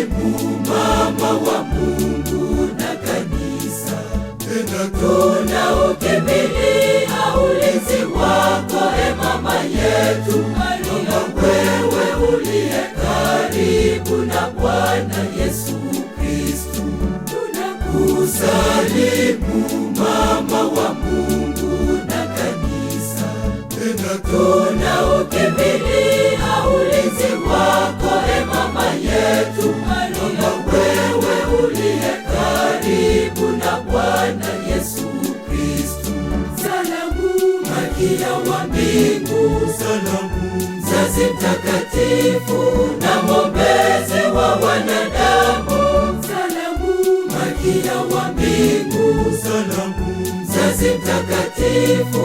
Karibu mama wa Mungu na kanisa, tunaukimbilia ulinzi wako, e mama yetu, mama wewe uliye karibu na Bwana Yesu Kristu, tunakusalimu mama wa malkia wa mbingu, salamu, mzazi mtakatifu na mwombezi wa wanadamu, salamu, malkia wa mbingu, salamu, mzazi mtakatifu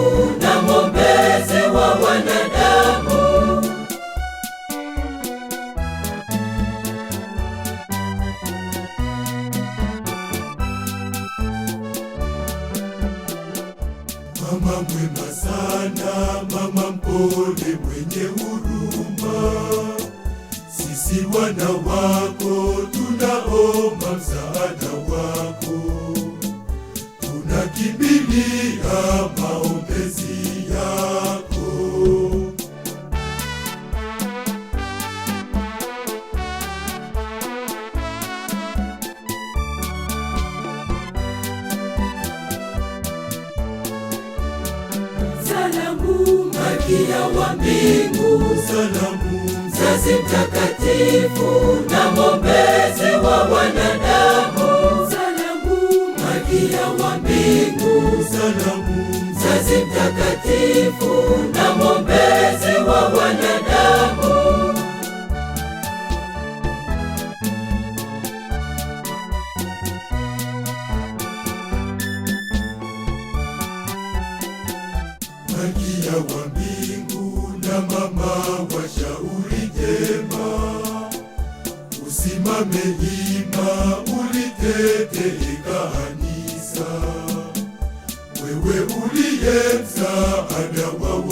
mwema sana, mama mpole, mwenye huruma, sisi wana wako tunaomba msaada wako, tunakimbilia Malkia wa mbingu, salamu, mzazi mtakatifu na mwombezi wa wanadamu, salamu, Malkia wa mbingu, salamu, mzazi mtakatifu na mwombezi mama wa shauri jema, usimame ima, ulitetee kanisa. Wewe uliye msaada wa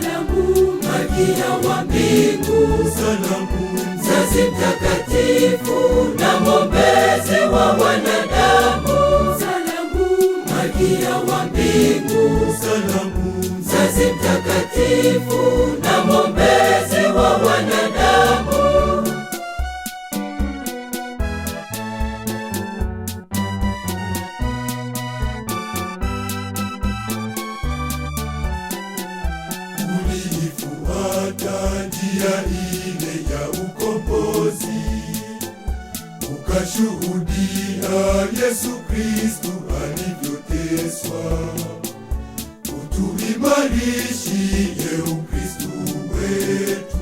Salamu Malkia wa mbingu, salamu mzazi mtakatifu na mwombezi wa wanadamu, salamu Malkia wa mbingu, salamu mzazi mtakatifu na mwombezi ulifuata njia ile ya ukombozi, ukashuhudia Yesu Kristu alivyoteswa, utuimarishie Ukristu wetu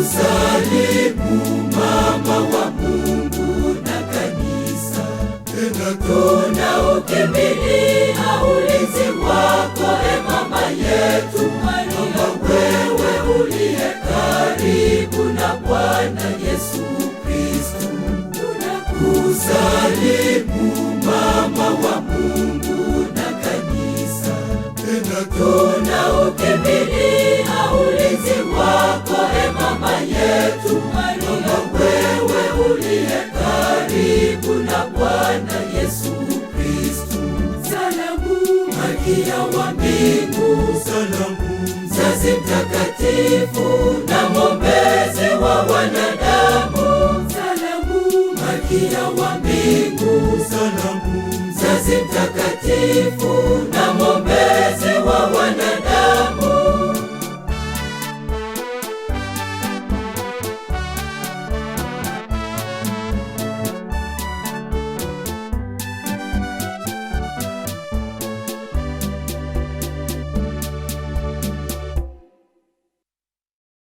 Msalimu mama wa Mungu na kanisa, tunaukimbilia ulinzi wako, e mama yetu Maria, wewe uliye karibu na Bwana Yesu kristu Tunakusalimu mama wa Mungu na kanisa, tunaukimbilia wetu, wewe uliye karibu na Bwana Yesu Kristu. Salamu malkia wa mbingu, salamu mzazi mtakatifu na mwombezi wa wanadamu. Salamu malkia wa mbingu, salamu mzazi mtakatifu